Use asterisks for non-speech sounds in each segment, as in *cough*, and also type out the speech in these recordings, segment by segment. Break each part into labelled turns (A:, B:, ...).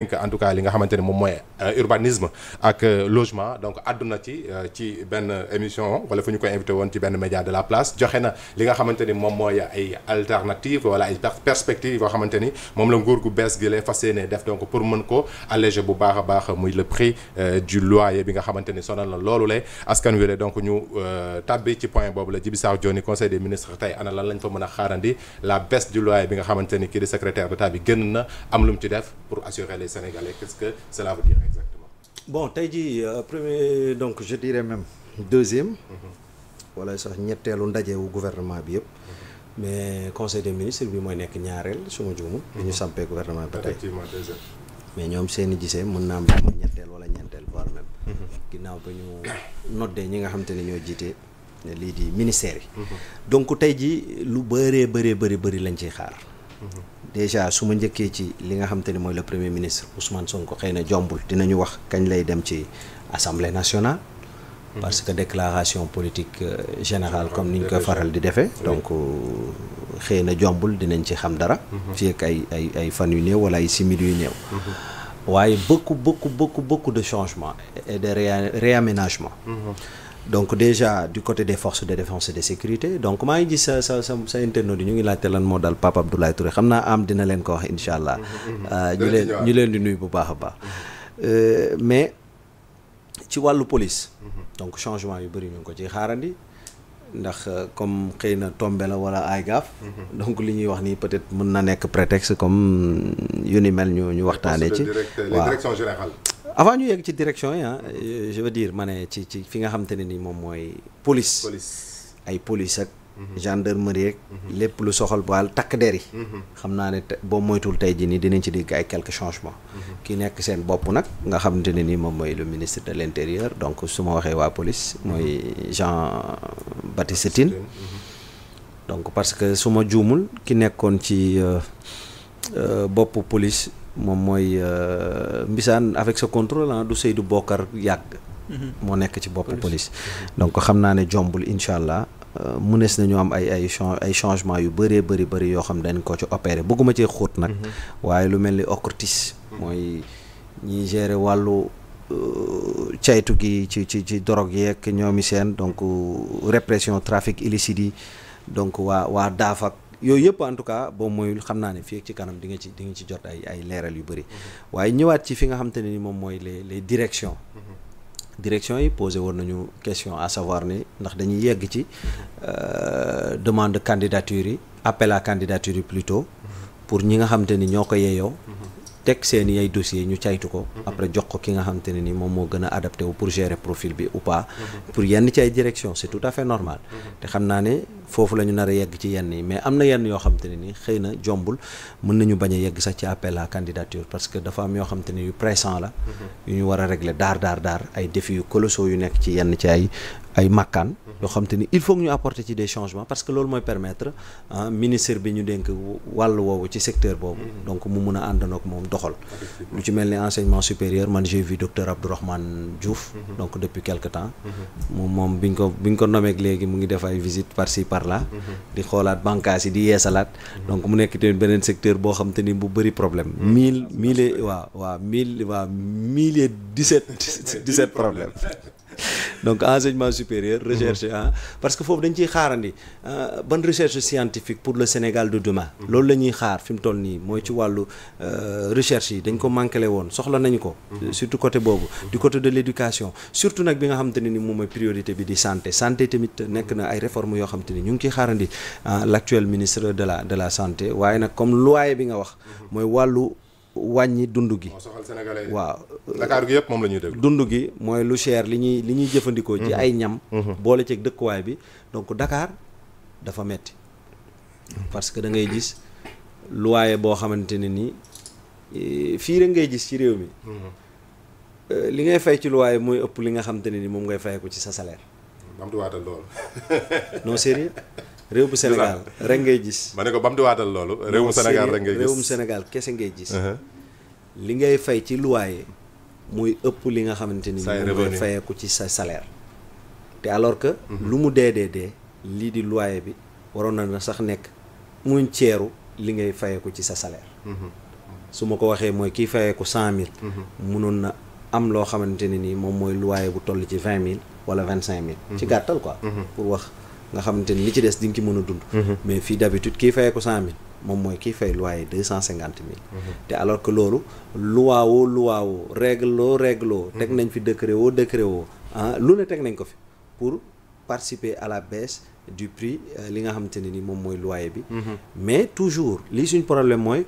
A: en tout cas li nga xamante ne moom mooy euh, urbanisme ak euh, logement donc àdduna ci euh, ci benn émission wala fu ñu ko invité woon ci benn média de la place joxe na li nga xamante ni moom mooy ay alternative wala ay perspectives yoo xamante ni moom la nguur gu bees gi lay fas yéene def donc pour mën ko alléger bu baax a baax muy le prix du loyer bi nga xamante ni sonal na loolu lay askan wi la donc ñu tàbbi ci point boobu la Djiby Sarr Dione conseil des ministres lan lañ a xaarandi la baisse du ni kii di secrétaire d'état les Sénégalais que cela veut dire
B: bon tey jii euh, premier donc je dirais même deuxième mhm. wala sax ñetteelu ndajewu gouvernement bi yëpp mhm. mais conseil des ministres bi mooy nekk ñaareel suma juumul bi ñu mhm. sampee gouvernement bi ba tey mais ñoom seeni gisee mën naa am mooy ñetteel wala ñeenteel voire ginnaaw ba ñu noddee ñi nga xam te ne ñoo jiitee lii di ministère yi donc tey jii lu bëree bëree bëri bëri lañ ciy xaar déjà su ma njëkkee ci li nga xam ne mooy la premier ministre Ousmane sonk xëy na jombul dinañu wax kañ lay dem ci assemblée nationale. Mhm. parce que déclaration politique euh, générale comme niñ koy faral di defee. donc euh, xëy na jombul dinañ ci xam dara. Mhm. fii ay ay fan yu néew wala ay simili yu néew. Mhm. waaye beaucoup beaucoup beaucoup beaucoup de changement et de réaménagement. donc déjà du côté des force de défense et de sécurité donc maa ngi gis sa sa sa sa internaute yi ñu ngi laajte lan moo dal Pape Abdoulaye Touré xam naa am dina leen ko wax insha allah. Mm-hmm, mm-hmm. Euh, ñu leen ñu leen di nuy bu baax a baax. Mm-hmm. Euh, mais ci wàllu police. donc changement yu bëri ñu ko ci xaarandi. ndax euh, comme xëy na tombe la wala ay gaaf. donc li ñuy wax nii peut-être mën na nekk prétexte comme yu ni mel ñu ñu waxtaanee ci. waa direction avant ñu yegg ci direction yi ah euh, je dire ma ne ci ci fi nga xamante ne ni moom mooy police ay police ak mhm. gendarmerie ak mhm. lépp lu soxal baal takk der yi mhm. xam naa ne boo moytul tey jii nii dinañ ci dégg ay quelques changements ki nekk seen bopp nag nga xamante ne ni moom mooy le ministre de l'intérieur donc su ma waxee waa police mooy Jean Baptiste donc parce que su ma juumul ki nekkoon ci euh, euh, bopp police moom mooy euh, Mbisaan avec ce contrôle ah du Seydou Bokar yàgg. Mhm. moo nekk ci bopp police. donc xam naa ne jombul incha allah euh, mënees nañu am ay ay ay changement yu bëree bëri bëri yoo xam dañ ko ci opéré bëgguma cee xóot nag. Mhm. waaye lu mel ni OCRTIS. mooy ñiy gérer wàllu. Euh, caytu gi ci ci ci dorog yeeg ñoomi seen donc repression trafic illicite yi donc waa waa daafak yooyu yëpp en tout cas boo moyul xam naa ne fii ci kanam dinga ci di nga jot ay ay leeral yu bëri mhm. waaye ñëwaat ci fi nga xam te ne ni moom mooy les les directions mhm. direction yi posé woon nañu question à savoir ne ndax dañuy yegg ci euh, demande de candidature yi appel à candidature yi plutôt mhm. pour ñi nga xam te ni ñoo ko yeeyoo teg seen i ay dossier ñu caytu ko après jox ko ki nga xam te ne ni moom moo gën a adapté wu pour gérer profil bi ou pour yenn ci ay direction c'est à fait normal te xam naa ne foofu la ñu nar a yegg ci yenn yi mais am na yenn yoo xam ni xëy na jombul mën nañu bañ a yegg sax ci appel à parce que dafa am yoo xam yu pressant la. Mhm. yu ñu war a régler daar daar daar ay défis yu colossaux yu nekk ci yenn ci ay ay makkaan. Mhm. yoo xam te ni il faut que ñu apporter ci des changements parce que loolu mooy permettre ah, ministre bi ñu dénk wàll woowu ci secteur boobu. Mhm. donc mu mun a àndandoo moom doxal. lu ci mel ni enseignement supérieur man j'ai vu docteur Abdourahmane Diouf. donc depuis quelque temps. moom moom biñ ko biñ ko nommé léegi mu par di xoolaat bànqaas yi di yeesalaat. donc mu nekk tamit beneen secteur boo xam te ni bu bëri problème. Hmm. mille mille waa waa mille waa mille dix sept dix sept problème. donc enseignement supérieur recherche ah parce que foofu dañu ciy xaarandi euh, ban recherche scientifique pour le Sénégal de demain mhm. loolu la ñuy xaar fi mu toll nii mooy ci wàllu euh, recherche yi dañ ko manqué woon soxla nañu ko mhm. euh, surtout côté boobu du côté de l'éducation surtout nag bi nga xamante ne ni moom mooy priorité bi di santé santé tamit nekk na ay réformes yoo xamante ni ñu ngi ciy xaarandi l'actuel ministre de la de la santé waaye nag comme loi bi nga wax mooy wàllu wàññi dund gi. moo
A: soxal
B: waaw. Dakar gi yëpp moom la ñuy déglu. dund gi mooy lu cher li ñuy li ñuy jëfandikoo. ci mhm. ay ñam. Mhm. boole ceeg dëkkuwaay bi donc Dakar dafa metti parce que da ngay gis luwaaye boo xamante ne ni e, fii rek ngay gis ci réew mi. Mhm. E, li ngay fay ci luwaaye mooy ëpp li nga xamante ne ni moom ngay fay ko ci sa salaire. non sérieux réew bu Sénégal rek ngay gis. ma ne ko bam di loolu. réewum Sénégal rek ngay gis réewum Sénégal kese ngay gis. Uh-huh. li ngay fay ci loyer muy ëpp li nga xamante ni. moom ngay ci sa salaire. te alors que. Uh-huh. lu mu dee dee dee lii di loyer bi waroon na sax nekk muñ ceeru li ngay fayeeku ci sa salaire. Uh-huh. su ma ko waxee mooy kii fayeeku cent mille. mënoon na am loo xamante ne ni moom mooy loyer bu toll ci vingt mille wala vingt cinq mille. ci gàttal quoi. pour wax. nga xamante ni li ci des di nga ci mën a dund. Mhm. mais fii d'habitude kii fayee ko cent mille moom mooy kii fay loyer deux cent cinquante mhm. te alors que loolu loi woo loi woo règle loo règle woo teg mhm. nañ fi décret woo décret woo ah lu ne teg nañ ko fi pour participer à la baisse du prix euh, li nga xamante ne ni moom mooy loyer bi. mais toujours li suñ problème mooy.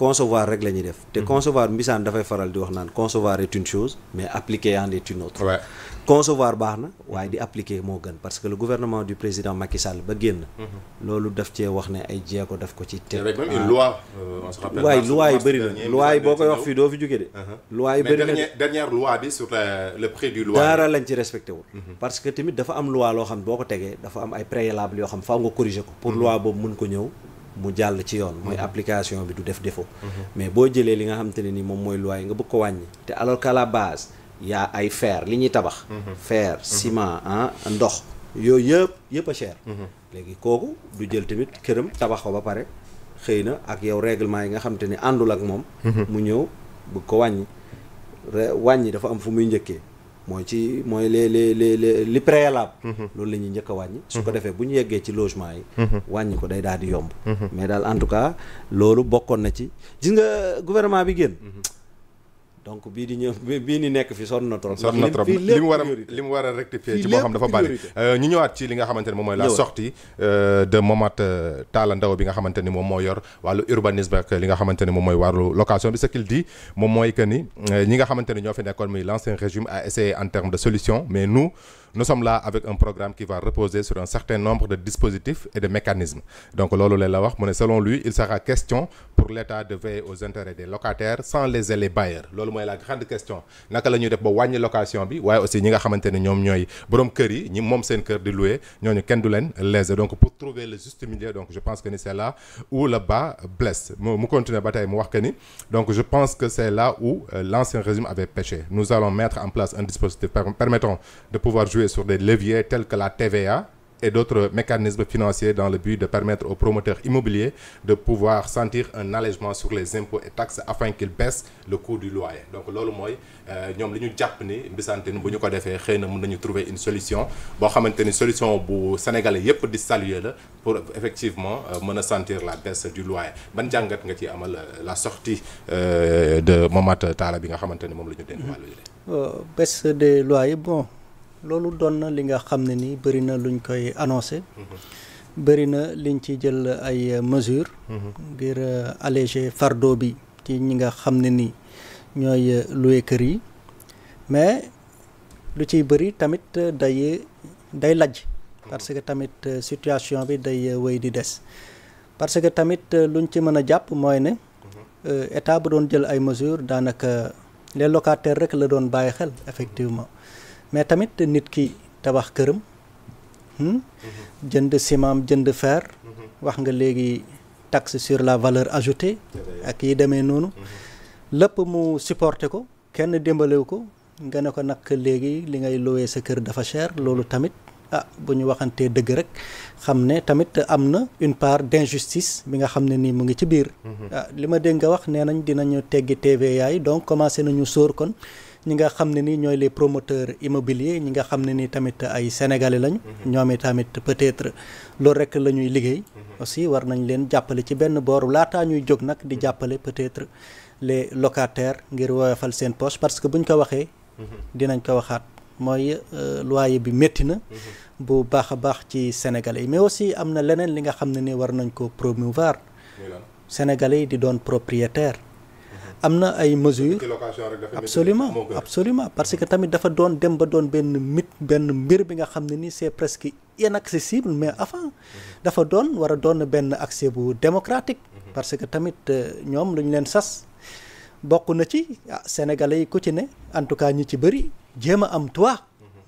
B: concevoir rek la ñuy def te mhm. concevoir mbisaan dafay faral di wax naan concevoir est une chose mais appliquer en est une autre concevoir baax na waaye mhm. di appliquer moo gën parce que le gouvernement du président Macky Sall ba génn mhm. loolu daf cee ko ci teg ah. euh, waaye loi yi bëri na loi yi boo koy wax fii doo fi jóge de
A: uh-huh. loi yi bëri na bi sur le prix du loyer dara lañ ci respecté wul parce que
B: tamit dafa am loi loo xam boo ko tegee dafa am ay préalable yoo xam faaw nga corriger ko pour loi boobu mën ko ñëw mu jàll ci yoon mooy mhm. application bi du def defo mhm. mais boo jëlee li nga xam ne ni moom mooy loi yi nga bëgg ko wàññi te alors qu'à la yaa ay fer li ñuy tabax mhm. fer ciment ah ndox yooyu yëpp yëpp a cher léegi kooku du jël tamit këram tabax ko ba pare xëy na ak yow règlement yi nga xam te ni àndul ak moom mu ñëw bëgg ko wàññi wàññi dafa am fu muy njëkkee mooy ci mooy les les les li préalable mhm. loolu la ñuy a wàññi su mhm. ko defee bu ñu yeggee ci logement yi mhm. wàññi day daal yomb mais daal en loolu bokkoon na ci gis nga gouvernement bi génn
A: donc bii di ñëw bii ni nekk fi sonn na trop. sonn na trop li mu war a li mu war a rectifier ci moo xam dafa bari euh, ñu ñëwaat ci li nga xamante ne moom mooy la sortie euh, de Momat euh, Talla Ndao bi nga xamante ni moom mooy yor wàllu urbanisme ak li nga xamante ne moom mooy wàllu location bi ce moom mooy que ni ñi nga xamante ne ñoo fi nekkoon muy l'ancien régime a essayé en termes de solution mais nu nous sommes là avec un programme qui va reposer sur un certain nombre de dispositifs et de mécanismes donc loolu leen la wax mu ne selon lui il sera question pour l'État de veiller aux intérêts des locataires sans léser les bailleurs loolu mooy la grande question naka la def ba wàññi location bi waaye aussi ñi nga xamante ne ñoom ñooy boroom kër yi ñi moom seen kër di louer ñooñu kenn du leen léser donc pour trouver le juste milieu donc je pense ni c'est là pense que c'est là où euh, l'ancien régime avait péché nous allons mettre jouer sur des leviers tels que la TVA et d'autres mécanismes financiers dans le but de permettre aux promoteurs immobiliers de pouvoir sentir un allègement sur les impôts et taxes afin qu'ils baissent le coût du loyer donc loolu mooy euh, ñoom li ñu jàpp ni Mbisante ni bu ñu ko defee xëy na mën nañu trouver une solution boo xamante ni solution bu sénégalais yépp di saluer la pour effectivement euh, mën a sentir la baisse du loyer ban jàngat nga ci amal euh, la sortie de Momar Talla bi nga xamante ni moom la
C: ñu dénk loolu doon na li nga xam ne nii bëri na luñ koy annoncé. bëri na liñ ci jël ay mesures. ngir euh, alléger fardeau bi ci ñi nga xam ne nii ñooy euh, loué kër yi mais lu ciy bëri tamit euh, day day lajj. parce que tamit situation bi day wéy di des. parce que tamit lu luñ ci mën a jàpp mooy ne. état bu doon jël ay mesures daanaka les locataires rek la doon bàyyi xel effectivement. mais tamit nit ki tabax këram hmm? jënd ciment jënd fer wax nga léegi taxe sur la valeur ajouté ak yi demee noonu lépp mu supporté ko kenn dimbalewu ko nga ne ko nag léegi li ngay lowee sa kër dafa cher loolu tamit ah bu ñu waxantee dëgg rek xam ne tamit am na une part d'injustice bi nga xam ne nii mu ngi ci biir mhm. ah, li ma dégg nga wax nee nañ dinañu teggi TVA yi donc commencé nañu sóor kon ñi nga xam ne ni ñooy les promoteurs immobiliers ñi nga xam ne ni tamit ay sénégalais lañu. Mhm. ñoom tamit peut-être loolu rek la ñuy liggéey. Mhm. aussi war nañ leen jàppale ci benn boor laataa ñuy jóg nag di mhm. jàppale peut-être les locataires ngir woyofal seen poche parce que buñ ko waxee. dinañ ko waxaat mooy euh, loyer bi métti na. bu baax a baax ci sénégalais yi mais aussi am na leneen li nga xam ne ni war nañ ko promouvoir. sénégalais yi di doon propriétaire. am na ay mesures absolument absolument parce que tamit dafa doon dem ba doon benn mit benn mbir bi nga xam ne ni c'est presque inaccessible mais avant dafa doon war a doon benn accès bu démocratique mhm. parce que tamit euh, ñoom lu leen sas bokk na ci ah yi ku ci ne en tout cas ñi ci bëri jéem a am toit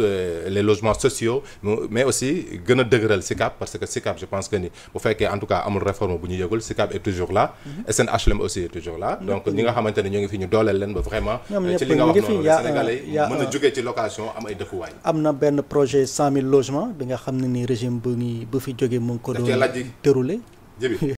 A: Euh, les logements sociaux mais aussi gën a dëgëral SICAP parce que SICAP je pense que ni bu fekkee en tout cas amul réforme bu ñu yëgul SICAP toujours là. SNHLM aussi est toujours là. Mhm. donc ñi nga ñoo ngi fi ñu dooleel leen ba vraiment. Euh, ci li nga wax noonu Sénégalais yi mën a jógee ci location am ay dëkkuwaay.
C: nga xam ne ni régime bu ñuy ba fi jógee mu ko doon déroulé. *laughs*